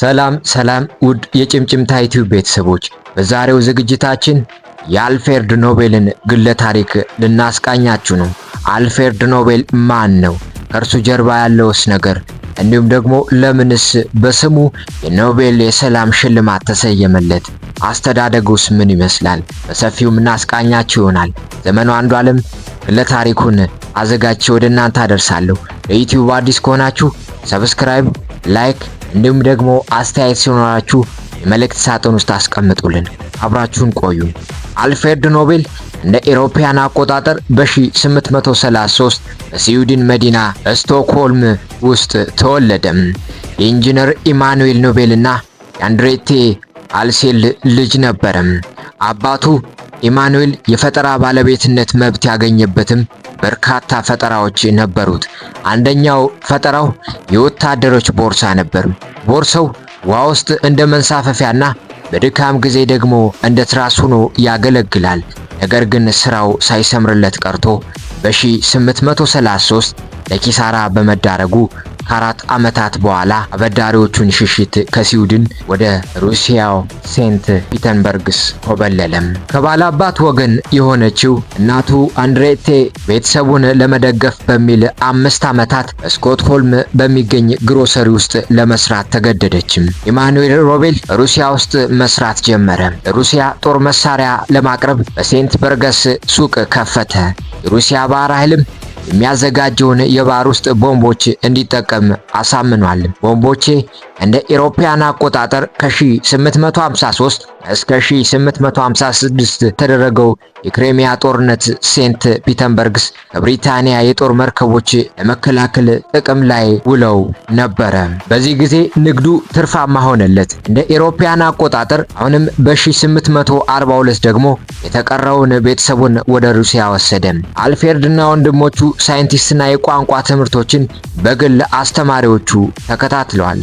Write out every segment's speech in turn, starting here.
ሰላም ሰላም ውድ የጭምጭምታ ዩቲዩብ ቤተሰቦች በዛሬው ዝግጅታችን የአልፍሬድ ኖቤልን ግለ ታሪክ ልናስቃኛችሁ ነው። አልፍሬድ ኖቤል ማን ነው? ከእርሱ ጀርባ ያለውስ ነገር እንዲሁም ደግሞ ለምንስ በስሙ የኖቤል የሰላም ሽልማት ተሰየመለት? አስተዳደጉስ ምን ይመስላል? በሰፊው እናስቃኛችሁ ይሆናል። ዘመኑ ዓለም ግለ ታሪኩን አዘጋጅቼ ወደ እናንተ አደርሳለሁ። ለዩቲዩብ አዲስ ከሆናችሁ ሰብስክራይብ፣ ላይክ እንዲሁም ደግሞ አስተያየት ሲኖራችሁ የመልእክት ሳጥን ውስጥ አስቀምጡልን። አብራችሁን ቆዩ። አልፍሬድ ኖቤል እንደ ኢሮፓያን አቆጣጠር በ1833 በስዊድን መዲና ስቶክሆልም ውስጥ ተወለደም። የኢንጂነር ኢማኑኤል ኖቤልና የአንድሬቴ አልሴል ልጅ ነበረም። አባቱ ኢማኑኤል የፈጠራ ባለቤትነት መብት ያገኘበትም በርካታ ፈጠራዎች ነበሩት። አንደኛው ፈጠራው የወታደሮች ቦርሳ ነበር። ቦርሳው ውሃ ውስጥ እንደ መንሳፈፊያና በድካም ጊዜ ደግሞ እንደ ትራስ ሆኖ ያገለግላል። ነገር ግን ስራው ሳይሰምርለት ቀርቶ በ1833 ለኪሳራ በመዳረጉ ከአራት ዓመታት በኋላ አበዳሪዎቹን ሽሽት ከስዊድን ወደ ሩሲያው ሴንት ፒተንበርግስ ኮበለለም። ከባላባት ወገን የሆነችው እናቱ አንድሬቴ ቤተሰቡን ለመደገፍ በሚል አምስት ዓመታት በስኮትሆልም በሚገኝ ግሮሰሪ ውስጥ ለመስራት ተገደደችም። ኢማኑኤል ሮቤል ሩሲያ ውስጥ መስራት ጀመረ። ሩሲያ ጦር መሳሪያ ለማቅረብ በሴንት በርገስ ሱቅ ከፈተ። የሩሲያ ባህር ኃይልም የሚያዘጋጀውን የባህር ውስጥ ቦምቦች እንዲጠቀም አሳምኗል። ቦምቦቼ እንደ ኢሮፓያን አቆጣጠር ከ1853 እስከ 1856 ተደረገው የክሬሚያ ጦርነት ሴንት ፒተንበርግስ ከብሪታንያ የጦር መርከቦች ለመከላከል ጥቅም ላይ ውለው ነበረ። በዚህ ጊዜ ንግዱ ትርፋማ ሆነለት። እንደ ኢሮፓያን አቆጣጠር አሁንም በ1842 ደግሞ የተቀረውን ቤተሰቡን ወደ ሩሲያ ወሰደ። አልፌርድና ወንድሞቹ ሳይንቲስትና የቋንቋ ትምህርቶችን በግል አስተማሪዎቹ ተከታትለዋል።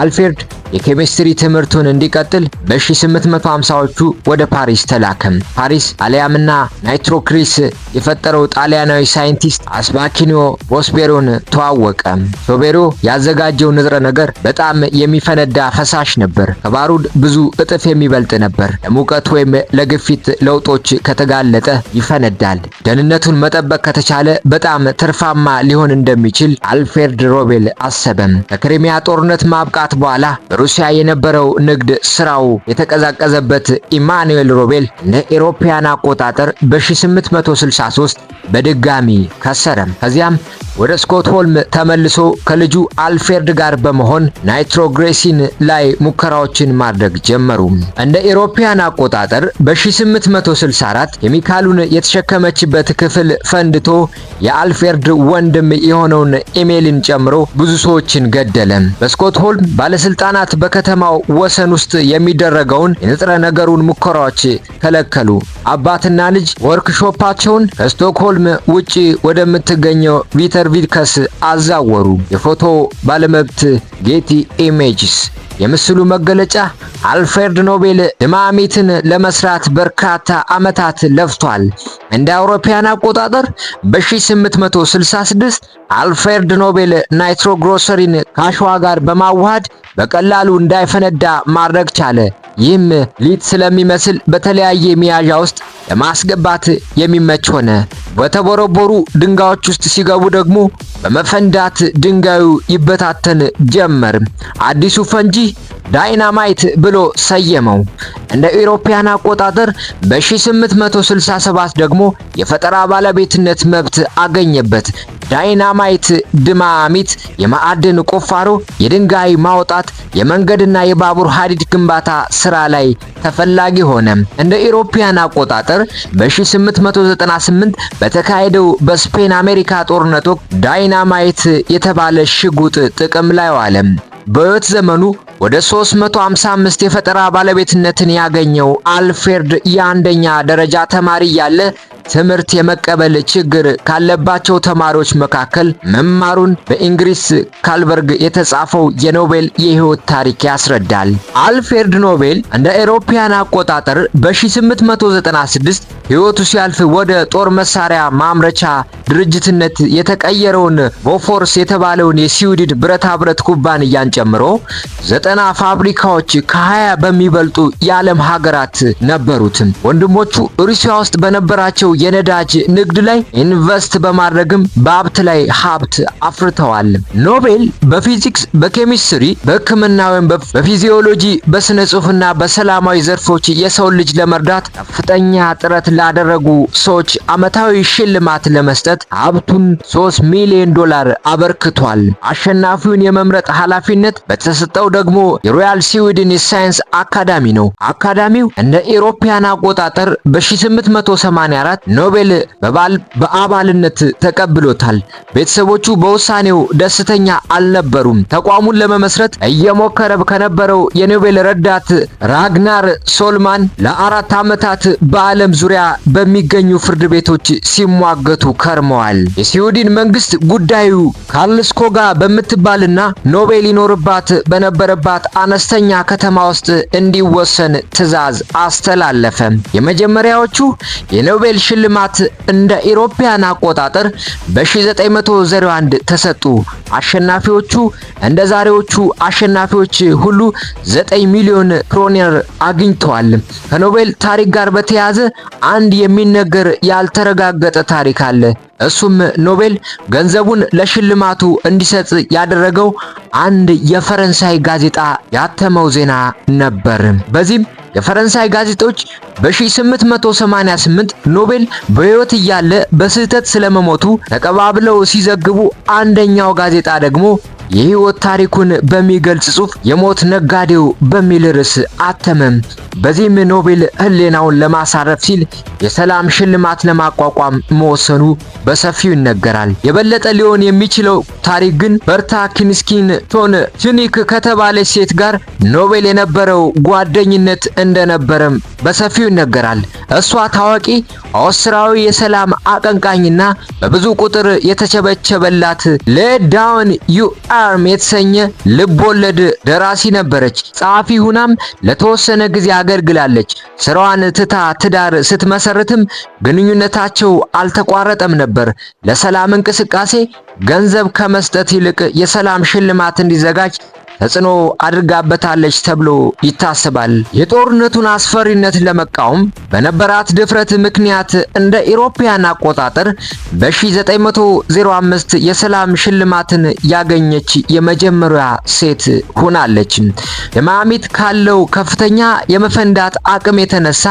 አልፍሬድ የኬሚስትሪ ትምህርቱን እንዲቀጥል በ1850ዎቹ ወደ ፓሪስ ተላከም። ፓሪስ አሊያምና ናይትሮክሪስ የፈጠረው ጣሊያናዊ ሳይንቲስት አስማኪኒዮ ቦስቤሮን ተዋወቀ። ሶቤሮ ያዘጋጀው ንጥረ ነገር በጣም የሚፈነዳ ፈሳሽ ነበር። ከባሩድ ብዙ እጥፍ የሚበልጥ ነበር። ለሙቀት ወይም ለግፊት ለውጦች ከተጋለጠ ይፈነዳል። ደህንነቱን መጠበቅ ከተቻለ በጣም ትርፋማ ሊሆን እንደሚችል አልፍሬድ ሮቤል አሰበም። ከክሪሚያ ጦርነት ማብቃት በኋላ በሩሲያ የነበረው ንግድ ስራው የተቀዛቀዘበት ኢማኑኤል ሮቤል እንደ ኤሮፓያን አቆጣጠር በ1863 በድጋሚ ከሰረም። ከዚያም ወደ ስኮትሆልም ተመልሶ ከልጁ አልፍሬድ ጋር በመሆን ናይትሮግሬሲን ላይ ሙከራዎችን ማድረግ ጀመሩ። እንደ ኤሮፓያን አቆጣጠር በ1864 ኬሚካሉን የተሸከመችበት ክፍል ፈንድቶ የአልፍሬድ ወንድም የሆነውን ኢሜልን ጨምሮ ብዙ ሰዎችን ገደለ። በስኮትሆልም ባለስልጣናት ሕፃናት በከተማው ወሰን ውስጥ የሚደረገውን የንጥረ ነገሩን ሙከራዎች ከለከሉ። አባትና ልጅ ወርክሾፓቸውን ከስቶክሆልም ውጪ ወደምትገኘው ቪተርቪከስ አዛወሩ። የፎቶ ባለመብት ጌቲ ኢሜጅስ የምስሉ መገለጫ አልፍሬድ ኖቤል ድማሚትን ለመስራት በርካታ ዓመታት ለፍቷል። እንደ አውሮፓያን አቆጣጠር በ1866 አልፍሬድ ኖቤል ናይትሮግሮሰሪን ከአሸዋ ጋር በማዋሃድ በቀላሉ እንዳይፈነዳ ማድረግ ቻለ። ይህም ሊጥ ስለሚመስል በተለያየ መያዣ ውስጥ ለማስገባት የሚመች ሆነ። በተቦረቦሩ ድንጋዮች ውስጥ ሲገቡ ደግሞ በመፈንዳት ድንጋዩ ይበታተን ጀመር። አዲሱ ፈንጂ ዳይናማይት ብሎ ሰየመው። እንደ ኢሮፓያን አቆጣጠር በ1867 ደግሞ የፈጠራ ባለቤትነት መብት አገኘበት። ዳይናማይት ድማሚት፣ የማዕድን ቁፋሮ፣ የድንጋይ ማውጣት፣ የመንገድና የባቡር ሀዲድ ግንባታ ስራ ላይ ተፈላጊ ሆነ። እንደ ኢሮፓያን አቆጣጠር በ1898 በተካሄደው በስፔን አሜሪካ ጦርነት ወቅት ዳይናማይት የተባለ ሽጉጥ ጥቅም ላይ ዋለ። በህይወት ዘመኑ ወደ 355 የፈጠራ ባለቤትነትን ያገኘው አልፍሬድ የአንደኛ ደረጃ ተማሪ እያለ ትምህርት የመቀበል ችግር ካለባቸው ተማሪዎች መካከል መማሩን በኢንግሪስ ካልበርግ የተጻፈው የኖቤል የህይወት ታሪክ ያስረዳል። አልፍሬድ ኖቤል እንደ ኤሮፓያን አቆጣጠር በ1896 ህይወቱ ሲያልፍ ወደ ጦር መሳሪያ ማምረቻ ድርጅትነት የተቀየረውን ቦፎርስ የተባለውን የስዊድን ብረታ ብረት ኩባንያን ጨምሮ ዘጠና ፋብሪካዎች ከሀያ በሚበልጡ የዓለም ሀገራት ነበሩት። ወንድሞቹ ሩሲያ ውስጥ በነበራቸው የነዳጅ ንግድ ላይ ኢንቨስት በማድረግም በሀብት ላይ ሀብት አፍርተዋል። ኖቤል በፊዚክስ፣ በኬሚስትሪ፣ በሕክምና ወይም በፊዚዮሎጂ፣ በስነ ጽሁፍና በሰላማዊ ዘርፎች የሰው ልጅ ለመርዳት ከፍተኛ ጥረት ላደረጉ ሰዎች አመታዊ ሽልማት ለመስጠት ሀብቱን 3 ሚሊዮን ዶላር አበርክቷል። አሸናፊውን የመምረጥ ኃላፊነት ተጠሪነት በተሰጠው ደግሞ የሮያል ስዊድን የሳይንስ አካዳሚ ነው። አካዳሚው እንደ ኢሮፓያን አቆጣጠር በ1884 ኖቤል በአባልነት ተቀብሎታል። ቤተሰቦቹ በውሳኔው ደስተኛ አልነበሩም። ተቋሙን ለመመስረት እየሞከረ ከነበረው የኖቤል ረዳት ራግናር ሶልማን ለአራት ዓመታት በዓለም ዙሪያ በሚገኙ ፍርድ ቤቶች ሲሟገቱ ከርመዋል። የስዊድን መንግስት ጉዳዩ ካርልስኮጋ በምትባልና ኖቤል ይኖር ሊኖርባት በነበረባት አነስተኛ ከተማ ውስጥ እንዲወሰን ትዕዛዝ አስተላለፈ። የመጀመሪያዎቹ የኖቤል ሽልማት እንደ ኢሮፓያን አቆጣጠር በ1901 ተሰጡ። አሸናፊዎቹ እንደ ዛሬዎቹ አሸናፊዎች ሁሉ 9 ሚሊዮን ክሮኔር አግኝተዋል። ከኖቤል ታሪክ ጋር በተያያዘ አንድ የሚነገር ያልተረጋገጠ ታሪክ አለ። እሱም ኖቤል ገንዘቡን ለሽልማቱ እንዲሰጥ ያደረገው አንድ የፈረንሳይ ጋዜጣ ያተመው ዜና ነበር። በዚህም የፈረንሳይ ጋዜጦች በ1888 ኖቤል በሕይወት እያለ በስህተት ስለመሞቱ ተቀባብለው ሲዘግቡ፣ አንደኛው ጋዜጣ ደግሞ የህይወት ታሪኩን በሚገልጽ ጽሑፍ የሞት ነጋዴው በሚል ርዕስ አተመም። በዚህም ኖቤል ህሌናውን ለማሳረፍ ሲል የሰላም ሽልማት ለማቋቋም መወሰኑ በሰፊው ይነገራል። የበለጠ ሊሆን የሚችለው ታሪክ ግን በርታ ኪንስኪን ቶን ቱኒክ ከተባለች ሴት ጋር ኖቤል የነበረው ጓደኝነት እንደነበረም በሰፊው ይነገራል። እሷ ታዋቂ አውስትራዊ የሰላም አቀንቃኝና በብዙ ቁጥር የተቸበቸበላት ለዳውን ዩ አርም የተሰኘ ወለድ ደራሲ ነበረች። ጸሐፊ ሁናም ለተወሰነ ጊዜ አገልግላለች። ስራዋን ትታ ትዳር ስትመሰርትም ግንኙነታቸው አልተቋረጠም ነበር። ለሰላም እንቅስቃሴ ገንዘብ ከመስጠት ይልቅ የሰላም ሽልማት እንዲዘጋጅ ተጽዕኖ አድርጋበታለች ተብሎ ይታሰባል። የጦርነቱን አስፈሪነት ለመቃወም በነበራት ድፍረት ምክንያት እንደ ኢሮፓያን አቆጣጠር በ1905 የሰላም ሽልማትን ያገኘች የመጀመሪያ ሴት ሆናለች። የማሚት ካለው ከፍተኛ የመፈንዳት አቅም የተነሳ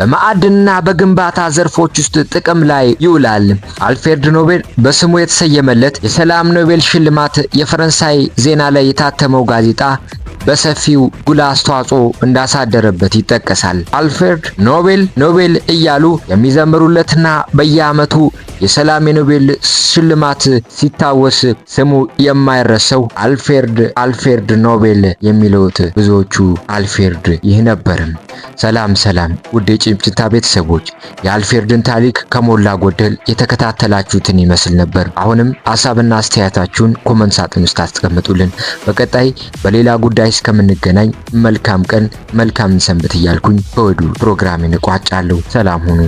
በማዕድንና በግንባታ ዘርፎች ውስጥ ጥቅም ላይ ይውላል። አልፍሬድ ኖቤል በስሙ የተሰየመለት የሰላም ኖቤል ሽልማት የፈረንሳይ ዜና ላይ የታተመው ጋዜጣ በሰፊው ጉልህ አስተዋጽኦ እንዳሳደረበት ይጠቀሳል። አልፍሬድ ኖቤል ኖቤል እያሉ የሚዘምሩለትና በየዓመቱ የሰላም የኖቤል ሽልማት ሲታወስ ስሙ የማይረሰው አልፍሬድ አልፍሬድ ኖቤል የሚለውት ብዙዎቹ አልፍሬድ ይህ ነበርም። ሰላም ሰላም፣ ውድ የጭምጭታ ቤተሰቦች የአልፍሬድን ታሪክ ከሞላ ጎደል የተከታተላችሁትን ይመስል ነበር። አሁንም ሀሳብና አስተያየታችሁን ኮመንት ሳጥን ውስጥ አስቀምጡልን። በቀጣይ በሌላ ጉዳይ እስከምንገናኝ መልካም ቀን መልካም ሰንበት እያልኩኝ በወዱ ፕሮግራሜን እቋጫለሁ። ሰላም ሁኑ።